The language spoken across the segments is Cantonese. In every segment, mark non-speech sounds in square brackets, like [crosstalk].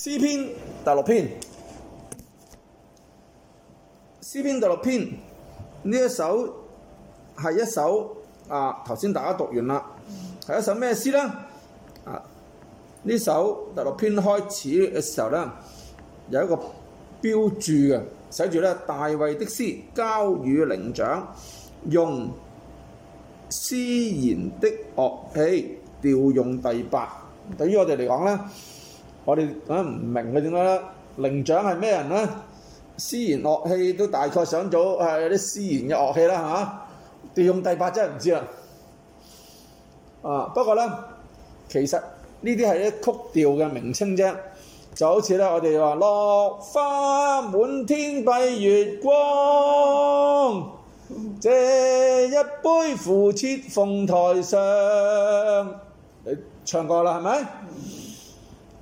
詩篇第六篇，詩篇第六篇呢一首係一首啊，頭先大家讀完啦，係一首咩詩呢？啊，呢首第六篇開始嘅時候呢，有一個標注嘅，寫住呢大衛的詩交與伶長，用絲弦的樂器調用第八。對於我哋嚟講呢。我哋咁樣唔明佢點解，伶長係咩人咧？絲弦樂器都大概想咗係啲絲弦嘅樂器啦嚇，調、啊、用第八隻唔知啦。啊，不過咧，其實呢啲係一曲調嘅名稱啫，就好似咧我哋話落花滿天蔽月光，借一杯扶釵鳳台上，你唱過啦係咪？是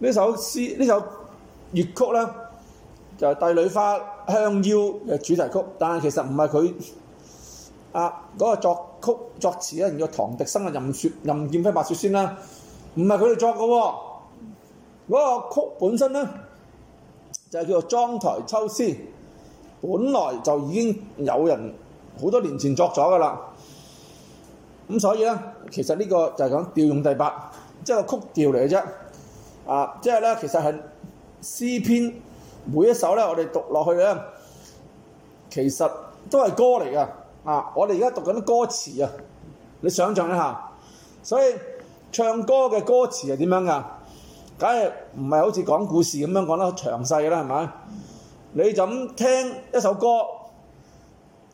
呢首詩，呢首粵曲咧，就係《帝女花》香夭嘅主題曲，但係其實唔係佢啊嗰個作曲作詞咧，叫唐迪生啊、任雪、任劍輝、白雪仙啦，唔係佢哋作嘅喎。嗰個曲本身咧，就係叫做《妝台秋思》，本來就已經有人好多年前作咗嘅啦。咁所以咧，其實呢個就係講調用第八，即係個曲調嚟嘅啫。啊，即係咧，其實係詩篇每一首咧，我哋讀落去咧，其實都係歌嚟噶。啊，我哋而家讀緊啲歌詞啊，你想象一下，所以唱歌嘅歌詞係點樣噶？梗係唔係好似講故事咁樣講得詳細啦，係咪？你就咁聽一首歌，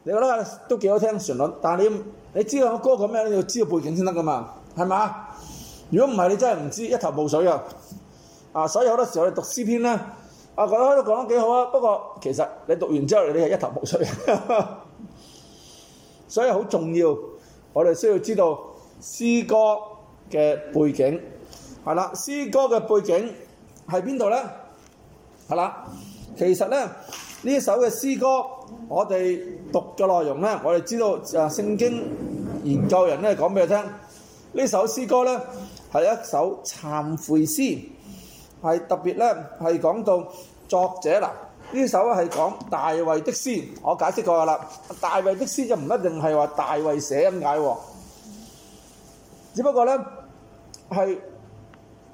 你覺得都幾好聽旋律，但你你知道個歌講咩咧？你要知道背景先得噶嘛，係咪？如果唔係，你真係唔知，一頭霧水啊！啊！所以好多時我哋讀詩篇咧，啊，覺得都講得幾好啊。不過其實你讀完之後，你係一頭霧水。所以好重要，我哋需要知道詩歌嘅背景係啦。詩歌嘅背景喺邊度咧？係啦，其實咧，呢一首嘅詩歌，我哋讀嘅內容咧，我哋知道啊，聖經研究人咧講俾我聽，呢首詩歌咧係一首懺悔詩。係特別咧，係講到作者啦，呢首係講大衛的詩。我解釋過啦，大衛的詩就唔一定係話大衛寫咁解喎，只不過咧係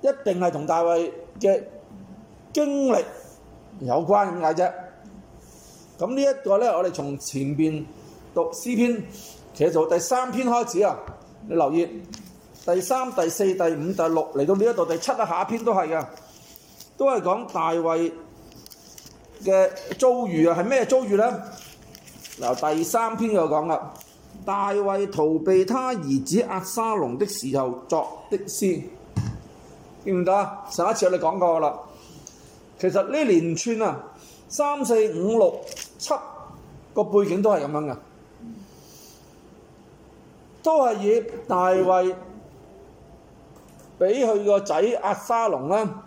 一定係同大衛嘅經歷有關咁解啫。咁呢一個咧，我哋從前邊讀詩篇，其實到第三篇開始啊。你留意第三、第四、第五、第六嚟到呢一度，第七啊下篇都係嘅。都係講大衛嘅遭遇啊！係咩遭遇咧？嗱，第三篇就講啦，大衛逃避他兒子押沙龍的時候作的詩，記唔記得？啊？上一次我哋講過啦，其實呢一連串啊，三四五六七個背景都係咁樣噶，都係以大衛俾佢個仔押沙龍啦。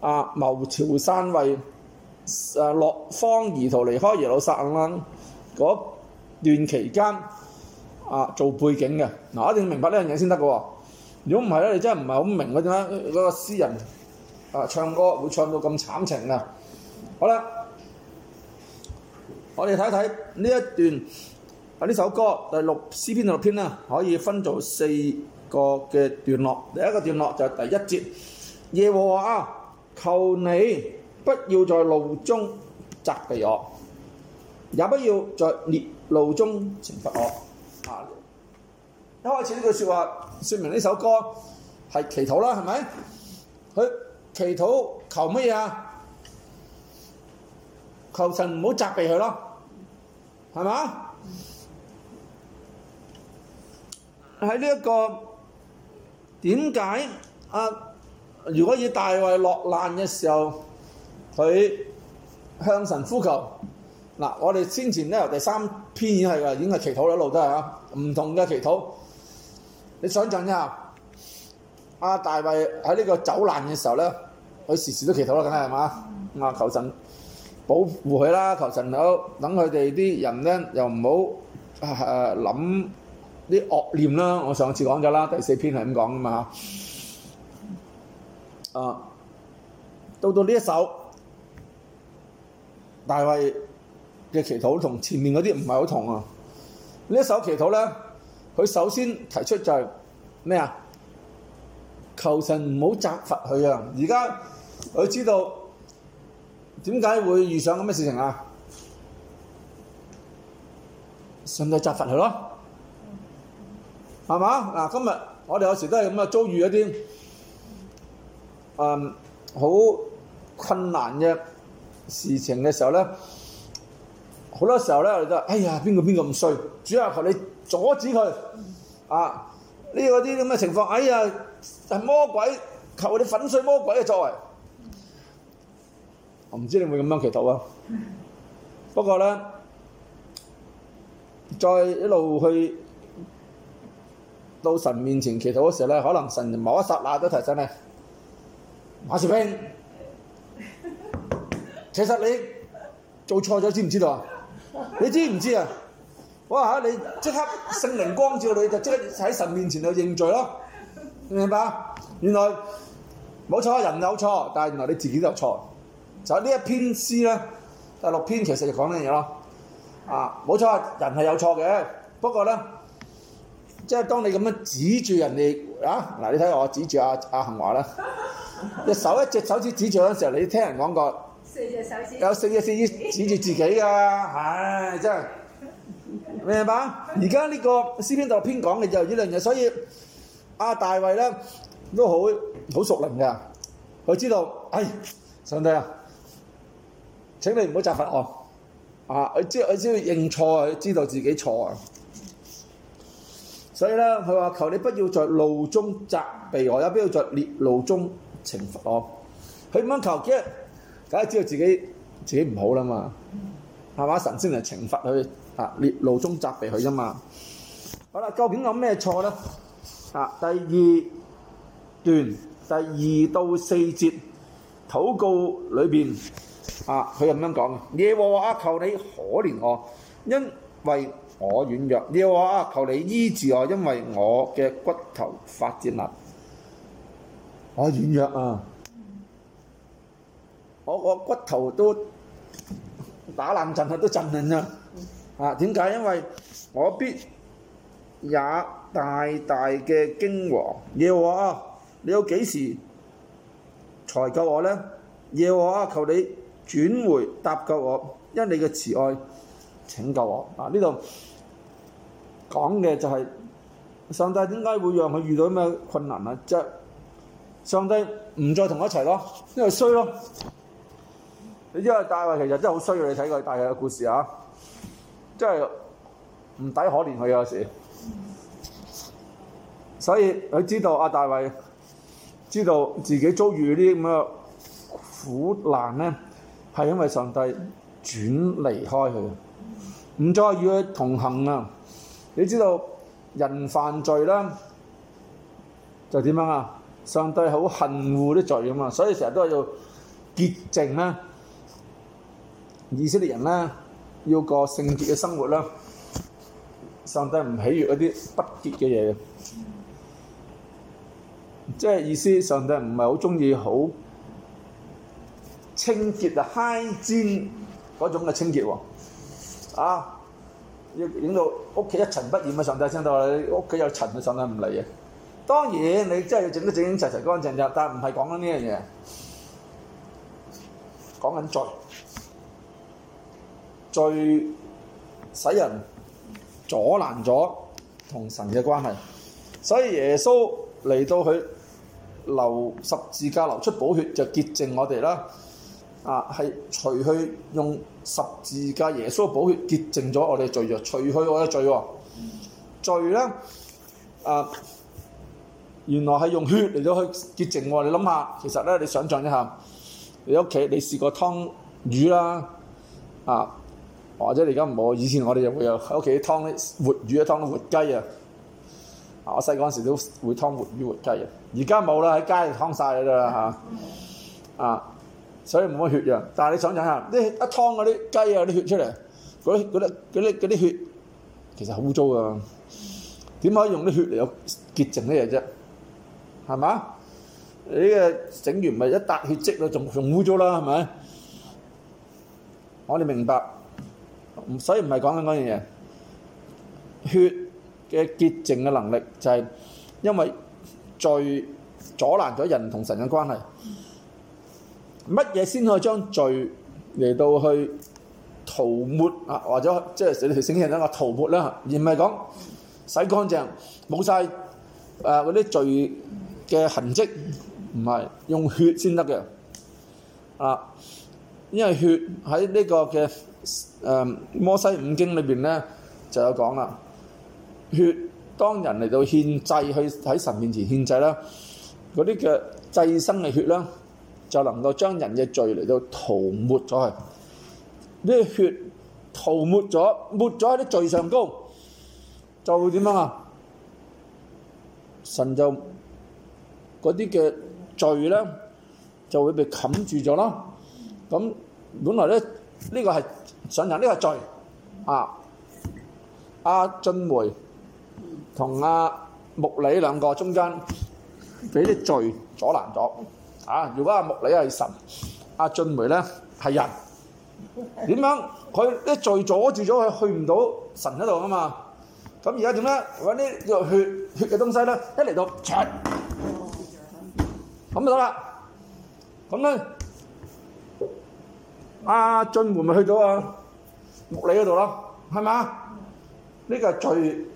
啊，謀朝篡位，誒落荒而逃，離開耶路撒冷嗰段期間啊，做背景嘅。嗱，啊、我一定要明白呢樣嘢先得嘅。如果唔係咧，你真係唔係好明點解嗰個詩人啊，啊，唱歌會唱到咁慘情嘅。好啦，我哋睇睇呢一段喺呢、啊、首歌第六詩篇第六篇咧，可以分做四個嘅段落。第一個段落就係第一節，耶和華啊！求你不要在怒中責備我，也不要，在烈怒中懲罰我。啊，一開始呢句説話，説明呢首歌係祈禱啦，係咪？佢祈禱求乜嘢啊？求神唔好責備佢咯，係咪啊？喺呢一個點解啊？如果以大衛落難嘅時候，佢向神呼求嗱，我哋先前咧由第三篇已經係已經係祈禱，一路都係啊，唔同嘅祈禱。你想陣啊？阿大衛喺呢個走難嘅時候咧，佢時時都祈禱啦，梗係係嘛，啊求神保護佢啦，求神好，等佢哋啲人咧又唔好誒諗啲惡念啦。我上次講咗啦，第四篇係咁講噶嘛。啊！到到呢一首，大衛嘅祈禱同前面嗰啲唔係好同啊！呢一首祈禱咧，佢首先提出就係咩啊？求神唔好責罰佢啊！而家佢知道點解會遇上咁嘅事情啊？上帝責罰佢咯，係嘛、嗯？嗱、嗯啊，今日我哋有時都係咁啊，遭遇一啲。嗯，好、um, 困難嘅事情嘅時候咧，好多時候咧我哋就，哎呀，邊個邊個唔衰，主要係，求你阻止佢，啊，呢個啲咁嘅情況，哎呀，係魔鬼，求你粉碎魔鬼嘅作為。我唔知你會唔會咁樣祈禱啊。不過咧，再一路去到神面前祈禱嘅時候咧，可能神某一剎那都提醒你。馬志兵，其實你做錯咗，知唔知道啊？你知唔知啊？哇！吓你即刻聖靈光照你，就即刻喺神面前就認罪咯，明唔明白啊？原來冇錯，人有錯，但係原來你自己都有錯。就呢一篇詩咧，第六篇其實就講呢樣嘢咯。啊，冇錯，人係有錯嘅，不過咧，即係當你咁樣指住人哋啊，嗱，你睇我指住阿阿恒華啦。啊.隻手一隻手指指住，嗰時候，你聽人講過四隻手指有四隻手指指住自己噶，係真係咩嘛？而家呢個《詩篇》度編講嘅就呢兩日，所以阿大衛咧都好好熟諳噶。佢知道係上帝啊！請你唔好責罰我啊！佢知，佢知道認錯，佢知道自己錯啊！所以咧，佢話求你不要在怒中責備我，也不要在烈怒中。懲罰我，佢咁樣求，即係，大家知道自己自己唔好啦嘛，係嘛、嗯？神仙嚟懲罰佢，啊，烈怒中責備佢啫嘛。好啦，究竟有咩錯咧？啊，第二段第二到四節禱告裏邊，啊，佢咁樣講嘅，耶和華啊， [music] 你求你可憐我，因為我軟弱；耶和華啊，求你醫治我，因為我嘅骨頭發展啦。我、啊、軟弱啊！我我骨頭都打冷震啊，都震緊啦！啊，點解？因為我必也大大嘅驚惶。耶和華啊，你要幾時才救我呢？耶和華啊，求你轉回搭救我，因為你嘅慈愛拯救我。啊，呢度講嘅就係上帝點解會讓佢遇到咩困難啊？即、即係上帝唔再同佢一齊咯，因為衰咯。你知道大衛其實真係好衰，你睇過大衛嘅故事啊，真係唔抵可憐佢有時。所以佢知道，阿大衛知道自己遭遇呢啲咁嘅苦難咧，係因為上帝轉離開佢，唔再與佢同行啦。你知道人犯罪咧就點樣啊？上帝好恨惡啲罪啊嘛，所以成日都要潔淨啦。以色列人咧要過聖潔嘅生活啦。上帝唔喜悅嗰啲不潔嘅嘢，即係意思上帝唔係好鍾意好清潔啊、揩尖嗰種嘅清潔喎。啊，要影到屋企一塵不染啊！上帝聽到你屋企有塵啊，上帝唔嚟嘅。當然，你真係要整得整整齊齊、乾乾淨淨，但係唔係講緊呢樣嘢，講緊罪，罪使人阻攔咗同神嘅關係，所以耶穌嚟到佢流十字架流出寶血，就潔淨我哋啦。啊，係除去用十字架耶穌寶血潔淨咗我哋罪罪，除去我嘅罪罪咧啊！原來係用血嚟到去潔淨喎。你諗下，其實咧，你想象一下，你屋企你試過湯魚啦啊，或者你而家唔好。以前我哋就會有喺屋企啲湯活魚啊，湯活雞啊。啊，我細個嗰陣時都會湯活魚活雞嘅。而家冇啦，喺街度湯曬㗎啦吓啊，所以冇乜血嘅。但係你想象一下，啲一湯嗰啲雞啊啲血出嚟，嗰啲啲啲血其實好污糟㗎。點可以用啲血嚟有潔淨呢嘢啫？係嘛？你嘅整完咪一笪血跡咯，仲仲污糟啦，係咪？我哋明白，所以唔係講緊嗰樣嘢。血嘅潔淨嘅能力就係因為罪阻攔咗人同神嘅關係。乜嘢先可以將罪嚟到去塗抹啊？或者即係整人一個塗抹啦，而唔係講洗乾淨，冇晒誒嗰啲罪。嘅痕跡唔係用血先得嘅啊，因為血喺呢個嘅誒摩西五經裏邊咧就有講啦。血當人嚟到獻祭，去喺神面前獻祭啦，嗰啲嘅祭牲嘅血咧，就能夠將人嘅罪嚟到塗抹咗去。呢個血塗抹咗，抹咗喺啲罪上高，就會點樣啊？神就～嗰啲嘅罪咧就會被冚住咗咯。咁本來咧呢個係神人，呢個係罪啊。阿俊梅同阿穆里兩個中間俾啲罪阻攔咗啊。如果阿穆里係神，阿俊梅咧係人，點樣佢啲罪阻住咗佢去唔到神嗰度啊嘛？咁而家點咧？揾啲血血嘅東西咧，一嚟到，嚓！咁就得啦，咁咧，阿進門咪去咗啊，木裏嗰度咯，係咪？呢個係罪，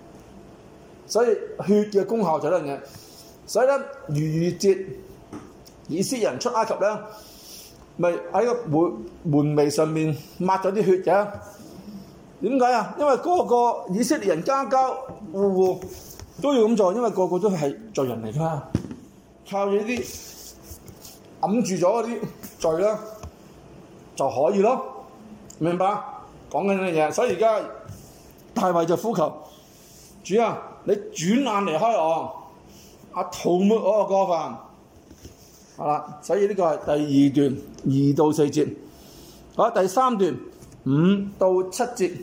所以血嘅功效就呢樣，所以咧逾越節以色列人出埃及咧，咪喺個門門楣上面抹咗啲血嘅？點解啊？因為嗰個以色列人家家戶戶都要咁做，因為個個都係罪人嚟噶嘛，靠住啲。揞住咗嗰啲罪啦，就可以咯，明白？講緊呢嘢，所以而家大衛就呼求主啊，你轉眼離開我，阿、啊、塗抹我嘅過犯，係啦。所以呢個係第二段二到四節，好，第三段五到七節。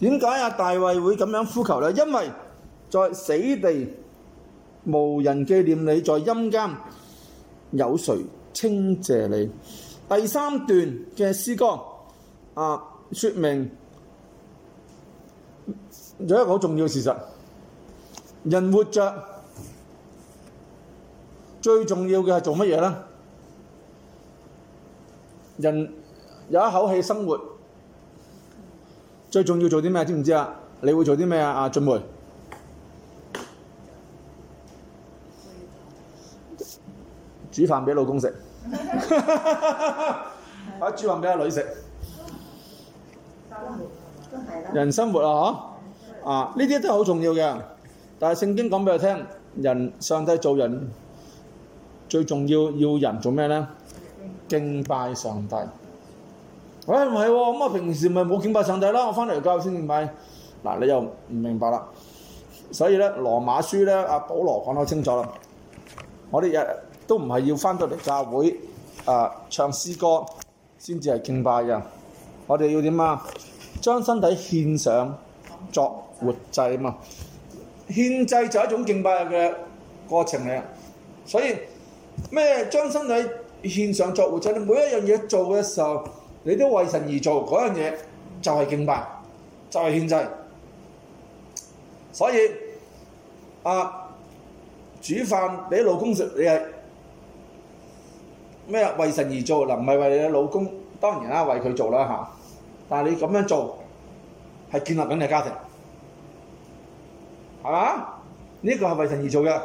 點解阿大衛會咁樣呼求咧？因為在死地。無人記念你，在陰間有誰稱謝你？第三段嘅詩歌啊，說明有一個好重要事實：人活着最重要嘅係做乜嘢咧？人有一口氣生活，最重要做啲咩？知唔知啊？你會做啲咩啊？阿俊梅？煮飯俾老公食，啊！煮飯俾阿女食，人生活啊！嗬，啊，呢啲都好重要嘅。但係聖經講俾佢聽，人上帝做人最重要，要人做咩咧？敬拜上帝。哎，唔係喎，咁我平時咪冇敬拜上帝啦。我翻嚟教先敬拜。嗱、啊，你又唔明白啦。所以咧，《羅馬書》呢、咧、啊，阿保羅講得好清楚啦。我哋日。都唔係要翻到嚟教會啊，唱詩歌先至係敬拜嘅，我哋要點啊？將身體獻上作活祭啊嘛！獻祭就係一種敬拜嘅過程嚟啊！所以咩？將身體獻上作活祭，你每一樣嘢做嘅時候，你都為神而做，嗰樣嘢就係敬拜，就係獻祭。所以啊，煮飯俾老公食，你係。你咩啊？為神而做，嗱，唔係為你嘅老公，當然啦，為佢做啦嚇。但係你咁樣做係建立緊你嘅家庭，係嘛？呢個係為神而做嘅。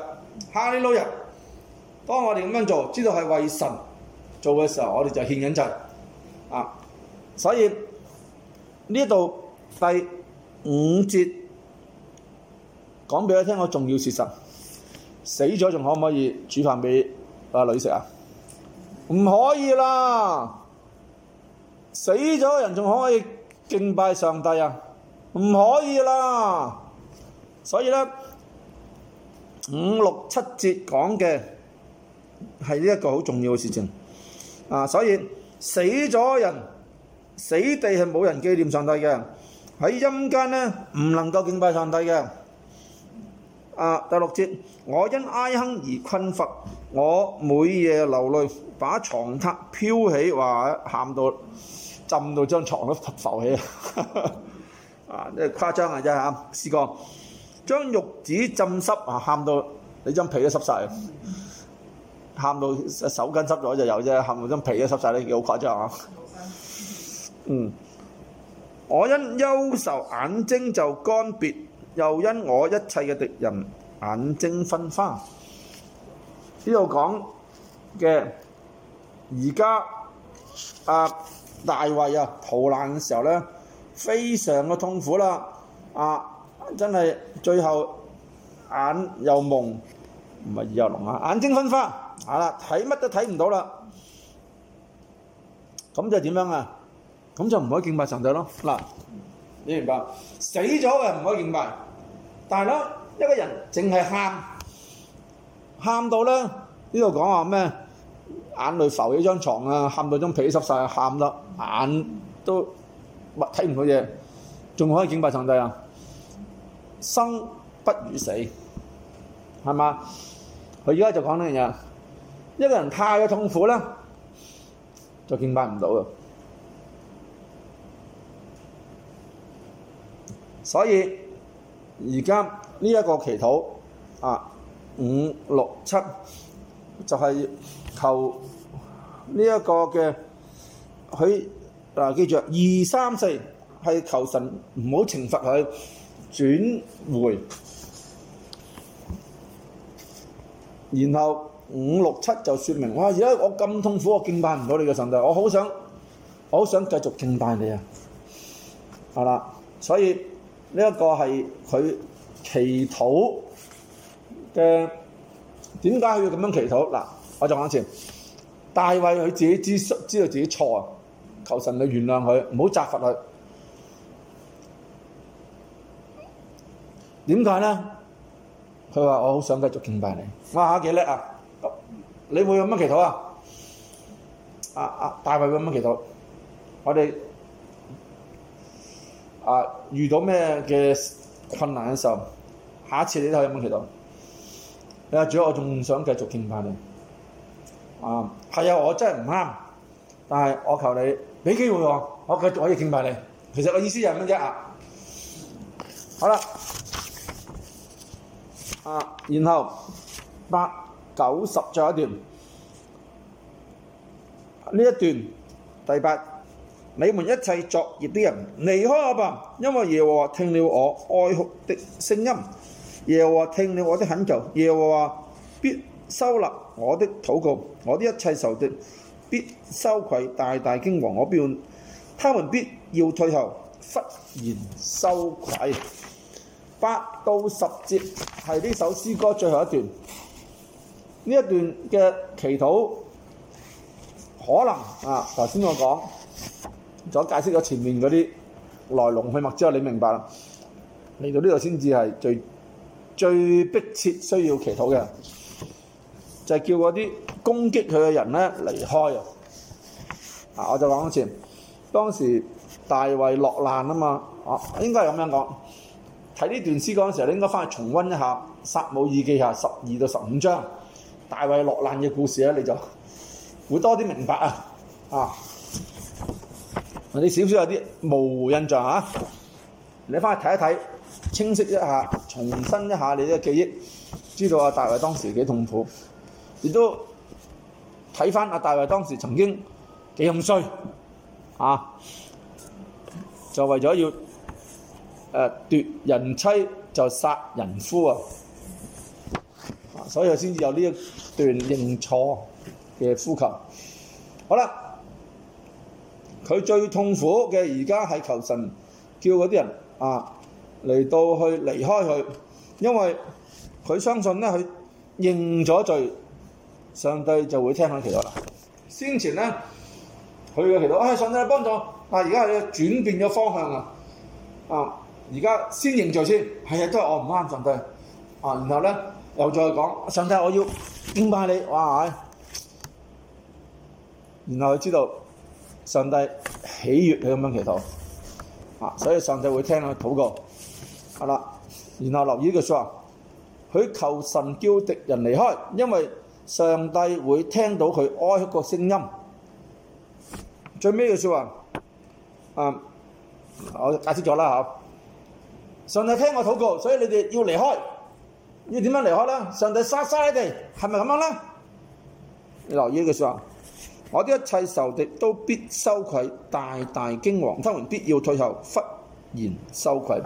哈利路亞！當我哋咁樣做，知道係為神做嘅時候，我哋就獻緊祭啊。所以呢度第五節講俾你聽個重要事實：死咗仲可唔可以煮飯畀阿女食啊？唔可以啦！死咗人仲可以敬拜上帝啊？唔可以啦！所以咧，五六七節講嘅係呢一個好重要嘅事情啊！所以死咗人死地係冇人紀念上帝嘅，喺陰間咧唔能夠敬拜上帝嘅。啊，第六節，我因唉哼而困乏。我每夜流淚，把床榻漂起，話喊到浸到張床都浮起呵呵啊，真啊！啊，真係誇張啊啫嚇，試過將玉子浸濕啊，喊到你張被都濕晒，喊到手巾濕咗就有啫，喊到張被都濕晒，你幾好誇張啊！嗯，我因憂愁眼睛就乾癟，又因我一切嘅敵人眼睛昏花。呢度講嘅而家啊大衛啊逃難嘅時候咧，非常嘅痛苦啦！啊，真係最後眼又矇，唔係耳又聾啊，眼睛昏花啊，睇乜都睇唔到啦！咁就點樣啊？咁就唔可以敬拜上帝咯！嗱、啊，你明白？死咗嘅唔可以敬拜，但係咧，一個人淨係喊。喊到咧，呢度講話咩？眼淚浮起張床啊，喊到張被濕晒，喊到眼都睇唔到嘢，仲可以敬拜上帝啊？生不如死，係嘛？佢而家就講呢樣嘢，一個人太過痛苦咧，就敬拜唔到嘅。所以而家呢一個祈禱啊！五六七就係、是、求呢一個嘅佢啊，記住二三四係求神唔好懲罰佢轉回，然後五六七就說明哇！而家我咁痛苦，我敬拜唔到你嘅神，我好想，我好想繼續敬拜你啊！係啦，所以呢一個係佢祈禱。嘅點解要咁樣祈禱？嗱，我再講一次，大衛佢自己知知道自己錯啊，求神嚟原諒佢，唔好責罰佢。點解咧？佢話：我好想繼續敬拜你。哇！幾叻啊！你會有乜祈禱啊？阿、啊、阿、啊、大衛會咁樣祈禱。我哋啊，遇到咩嘅困難嘅時候，下一次你都可以咁樣祈禱。啊！主，我仲想繼續敬拜你啊！係啊，我真係唔啱，但係我求你俾機會我，我繼續可以敬拜你。其實我意思係咩啫？啊！好啦，啊，然後八九十就一段，呢一段第八，你們一切作孽的人離開我吧，因為耶和華聽了我哀哭的聲音。耶和華聽了我的懇求，耶和華必收納我的禱告，我的一切仇敵必羞愧大大驚惶。我必，他們必要退後，忽然羞愧。八到十節係呢首詩歌最後一段，呢一段嘅祈禱可能啊，頭先我講，咗解釋咗前面嗰啲來龍去脈之後，你明白啦，嚟到呢度先至係最。最迫切需要祈禱嘅，就係、是、叫嗰啲攻擊佢嘅人咧離開啊！啊，我就講一次，當時大衛落難啊嘛，啊，應該係咁樣看這講。睇呢段詩講嘅時候，你應該翻去重溫一下《撒母耳記》下十二到十五章大衛落難嘅故事咧、啊，你就會多啲明白啊！啊，你少少有啲模糊印象嚇、啊，你翻去睇一睇。清晰一下，重新一下你嘅記憶，知道阿大衛當時幾痛苦，亦都睇翻阿大衛當時曾經幾咁衰啊，就為咗要誒、啊、奪人妻就殺人夫啊，所以佢先至有呢一段認錯嘅呼求。好啦，佢最痛苦嘅而家係求神叫嗰啲人啊。嚟到去離開佢，因為佢相信呢，他佢認咗罪，上帝就會聽佢祈禱。先前呢，佢嘅祈禱，哎、上帝幫助，但係而家佢轉變咗方向啦，啊，而家先認罪先，係、哎、啊，都係我唔啱上帝。然後呢，又再講，上帝我要敬拜、嗯、你，哇！啊、然後知道上帝喜悅佢咁樣祈禱啊，所以上帝會聽佢禱告。係啦，然後留意嘅説話，佢求神叫敵人離開，因為上帝會聽到佢哀哭嘅聲音。最尾嘅説話，啊、嗯，我解釋咗啦。嗬，上帝聽我禱告，所以你哋要離開，要點樣離開咧？上帝殺殺你哋，係咪咁樣咧？你留意嘅説話，我啲一切仇敵都必羞愧，大大驚惶，他們必要退後，忽然羞愧。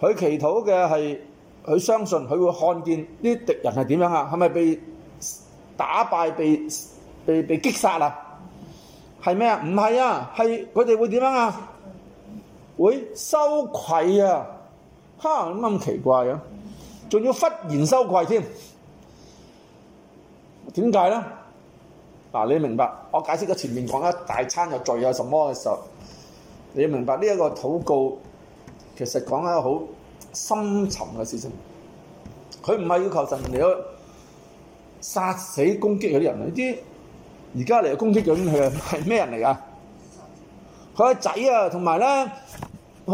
佢祈禱嘅係，佢相信佢會看見啲敵人係點樣啊？係咪被打敗、被被被擊殺啊？係咩啊？唔係啊，係佢哋會點樣啊？會羞愧啊！嚇咁奇怪呀？仲要忽然羞愧添？點解咧？嗱，你明白，我解釋咗前面講一大餐又罪又什麼嘅時候，你要明白呢一個禱告。其實講一個好深沉嘅事情，佢唔係要求神嚟去殺死攻擊嗰啲人，呢啲而家嚟攻擊佢嘅係咩人嚟啊？佢個仔啊，同埋咧去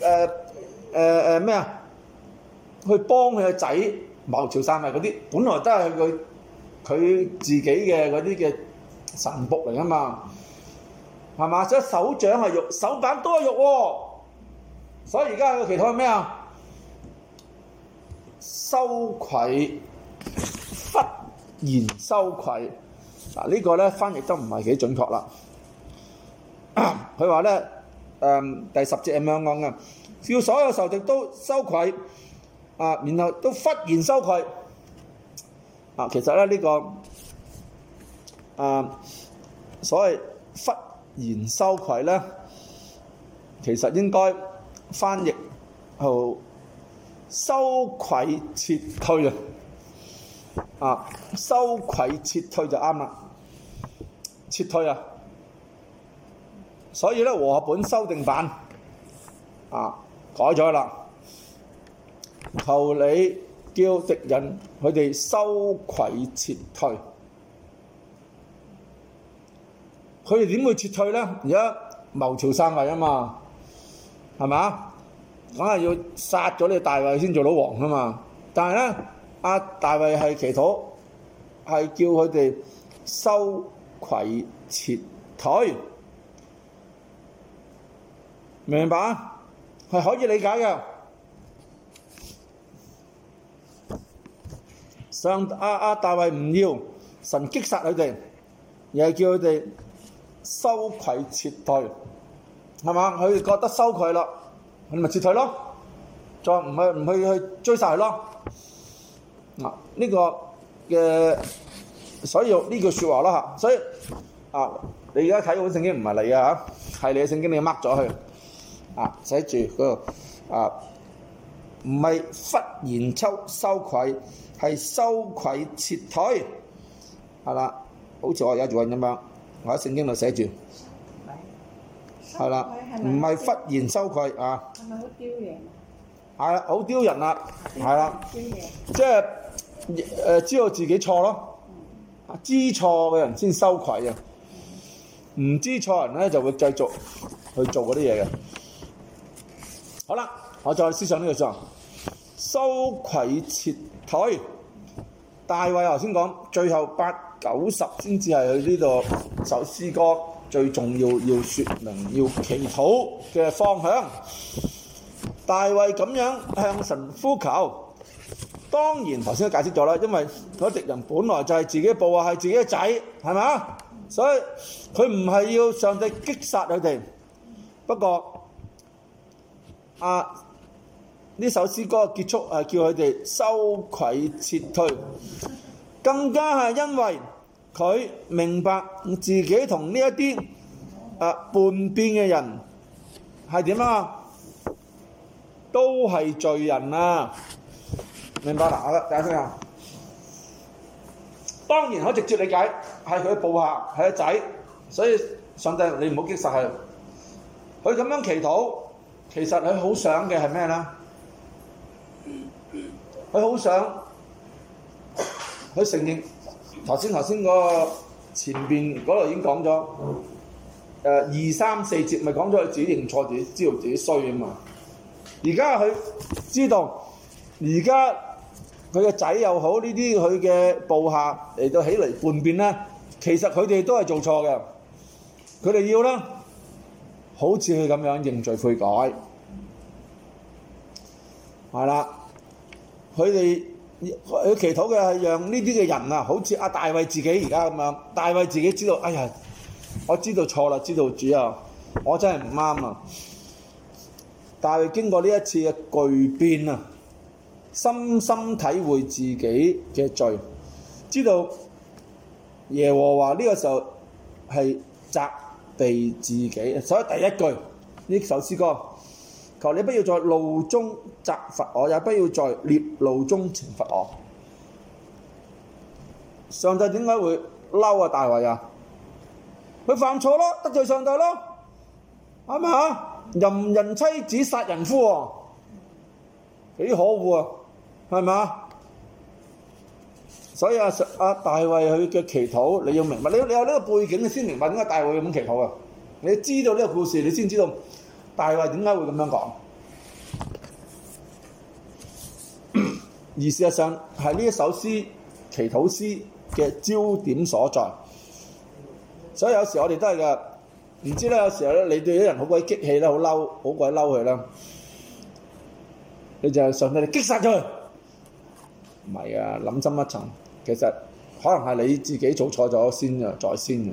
誒誒誒咩啊？去幫佢個仔，謀朝篡位啊！嗰啲本來都係佢佢自己嘅嗰啲嘅神仆嚟啊嘛，係嘛？所以手掌係肉，手板都係肉喎，哦。所以而家嘅其他係咩啊？羞愧，忽然羞愧嗱，這個、呢個咧翻譯都唔係幾準確啦。佢話咧誒第十節咁樣講嘅，叫所有仇敵都羞愧啊，然後都忽然羞愧啊。其實咧呢、這個誒、啊、所謂忽然羞愧咧，其實應該。翻譯後，哦，羞愧撤退啊！啊，羞愧撤退就啱啦，撤退啊！所以咧，《和合本》修訂版啊改咗啦，求你叫敵人佢哋羞愧撤退。佢哋點會撤退咧？而家謀朝篡位啊嘛！是嘛？梗係要殺咗你大衛先做到王㗎嘛？但係呢，阿大衛係祈禱，是叫佢哋收攰撤退，明唔明白啊？係可以理解嘅。上阿阿、啊、大衛唔要神擊殺佢哋，而是叫佢哋收攰撤退。係嘛？佢覺得羞愧咯，你咪撤退咯，再唔去唔去去追殺咯。啊，呢、這個嘅所以呢句説話咯嚇，所以，所以啊，你而家睇嗰本聖經唔係你嘅嚇，係你嘅聖經你掹咗佢。啊，寫住嗰個啊，唔係忽然抽羞愧，係羞愧撤退。係啦，好似我而家做緊咁樣，我喺聖經度寫住。係啦，唔係忽然羞愧啊！係咪好丟嘢？係啦，好丟人啦，係啦，即係誒知道自己錯咯，知錯嘅人先羞愧啊，唔知錯人咧就會繼續去做嗰啲嘢嘅。好啦，我再思想呢個時候，羞愧撤退。大衛頭先講，最後八九十先至係去呢度首詩歌。最重要要説明要祈禱嘅方向，大衛咁樣向神呼求，當然頭先都解釋咗啦，因為嗰啲敵人本來就係自己部下，係自己嘅仔，係咪啊？所以佢唔係要上帝擊殺佢哋，不過啊呢首詩歌嘅結束係叫佢哋羞愧撤退，更加係因為。佢明白自己同呢一啲啊叛變嘅人係點啊，都係罪人啊！明白啦，好啦，大聲啊！當然可以直接理解係佢嘅部下，係佢仔，所以上帝，你唔好激殺佢。佢咁樣祈禱，其實佢好想嘅係咩呢？佢好想佢承認。頭先頭先嗰個前邊嗰度已經講咗，誒、呃、二三四節咪講咗佢自己認錯，自己知道自己衰啊嘛。而家佢知道，而家佢嘅仔又好呢啲佢嘅部下嚟到起嚟叛變咧，其實佢哋都係做錯嘅，佢哋要啦，好似佢咁樣認罪悔改，係啦，佢哋。佢祈禱嘅係讓呢啲嘅人啊，好似阿大衛自己而家咁樣，大衛自己知道，哎呀，我知道錯啦，知道主啊，我真係唔啱啊！大衛經過呢一次嘅巨變啊，深深體會自己嘅罪，知道耶和華呢個時候係責備自己，所以第一句呢首詩歌。求你不要在怒中責罰我，也不要在烈怒中懲罰我。上帝點解會嬲啊？大衛啊，佢犯錯咯，得罪上帝咯，係咪啊？淫人妻子殺人夫，幾可惡啊？係咪啊？所以阿、啊、阿大衛佢嘅祈禱，你要明白，你你有呢個背景你先明白點解大衛咁祈禱啊！你知道呢個故事，你先知道。但係話點解會咁樣講？ [coughs] 而事實上係呢一首詩祈禱詩嘅焦點所在。所以有時我哋都係嘅，唔知咧。有時候咧，你對啲人好鬼激氣啦，好嬲，好鬼嬲佢啦，你就係想你哋激殺咗佢。唔係啊，諗深一層，其實可能係你自己做錯咗先啊，在先嘅。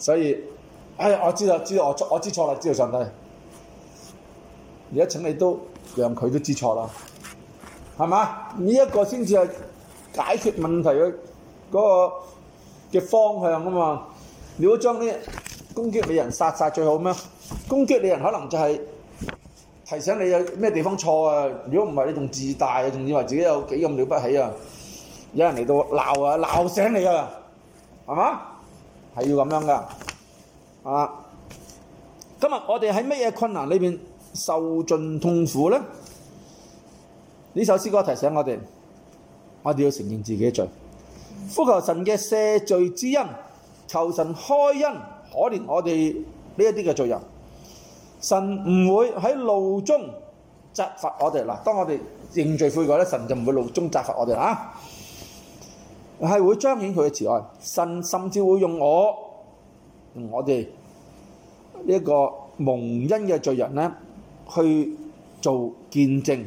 所以，哎，我知道，我知道我錯，我知錯啦，知道上帝。而家請你都讓佢都知錯啦，係嘛？呢、這、一個先至係解決問題嘅嗰個嘅方向啊嘛！如果將啲攻擊你人殺殺最好咩？攻擊你人可能就係提醒你有咩地方錯啊！如果唔係，你仲自大啊，仲以為自己有幾咁了不起啊？有人嚟到鬧啊，鬧醒你啊，係嘛？係要咁樣噶，係嘛？今日我哋喺乜嘢困難裏邊？受盡痛苦咧，呢首詩歌提醒我哋，我哋要承認自己嘅罪，呼求神嘅赦罪之恩，求神開恩可憐我哋呢一啲嘅罪人。神唔會喺怒中責罰我哋，嗱，當我哋認罪悔改咧，神就唔會怒中責罰我哋啊，係會彰顯佢嘅慈愛，神甚至會用我，用我哋呢一個蒙恩嘅罪人咧，去做見證，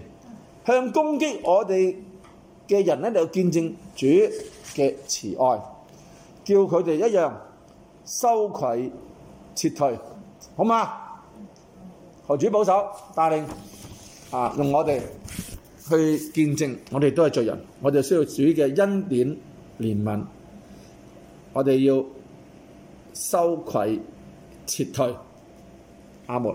向攻擊我哋嘅人咧，就見證主嘅慈愛，叫佢哋一樣羞愧撤退，好嘛？求主保守帶領啊！用我哋去見證，我哋都係罪人，我哋需要主嘅恩典憐憫，我哋要羞愧撤退，阿門。